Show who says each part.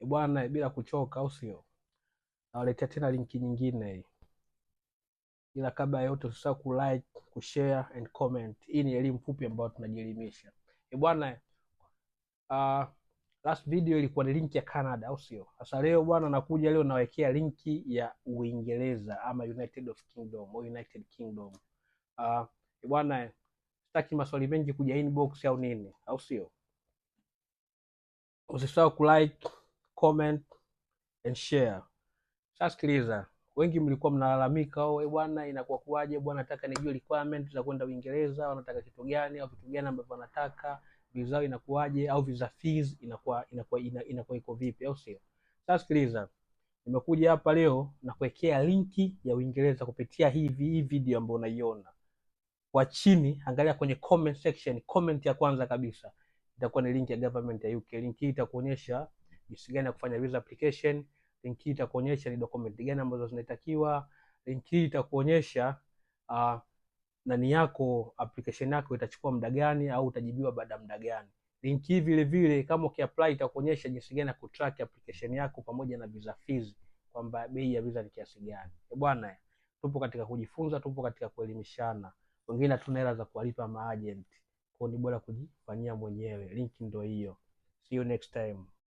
Speaker 1: E bwana, bila kuchoka, au sio? Nawaletea tena linki nyingine hii, ila kabla ya yote usisahau ku like, ku share and comment. Hii ni elimu fupi ambayo tunajielimisha e bwana. Uh, last video ilikuwa ni linki ya Canada, au sio? Sasa leo bwana, nakuja leo nawekea linki ya Uingereza ama United of Kingdom au United Kingdom. Uh, bwana, sitaki maswali mengi kuja inbox au nini, au sio? Usisahau ku like comment and share. Sasa sikiliza, wengi mlikuwa mnalalamika, oh eh, bwana, inakuwa kuaje bwana, nataka nijue requirement za kwenda Uingereza, wanataka kitu gani au vitu gani ambavyo wanataka, visa inakuaje au visa fees inakuwa inakuwa inakuwa iko vipi, au sio? Sasa sikiliza, nimekuja hapa leo na kuwekea linki ya Uingereza kupitia hivi hii video ambayo unaiona kwa chini. Angalia kwenye comment section, comment ya kwanza kabisa itakuwa ni link ya government ya UK. Link hii itakuonyesha jinsi gani ya kufanya visa application. Link hii itakuonyesha ni document gani ambazo zinatakiwa. Link hii itakuonyesha uh, nani yako application yako itachukua muda gani au utajibiwa baada ya muda gani. Link hii vile vile kama ukiapply itakuonyesha jinsi gani ya kutrack application yako pamoja na visa fees kwamba bei ya visa ni kiasi gani. Eh, bwana tupo katika kujifunza, tupo katika kuelimishana. Wengine hatuna hela za kuwalipa maagent. Kwa hiyo ni bora kujifanyia mwenyewe. Link ndio hiyo. See you next time.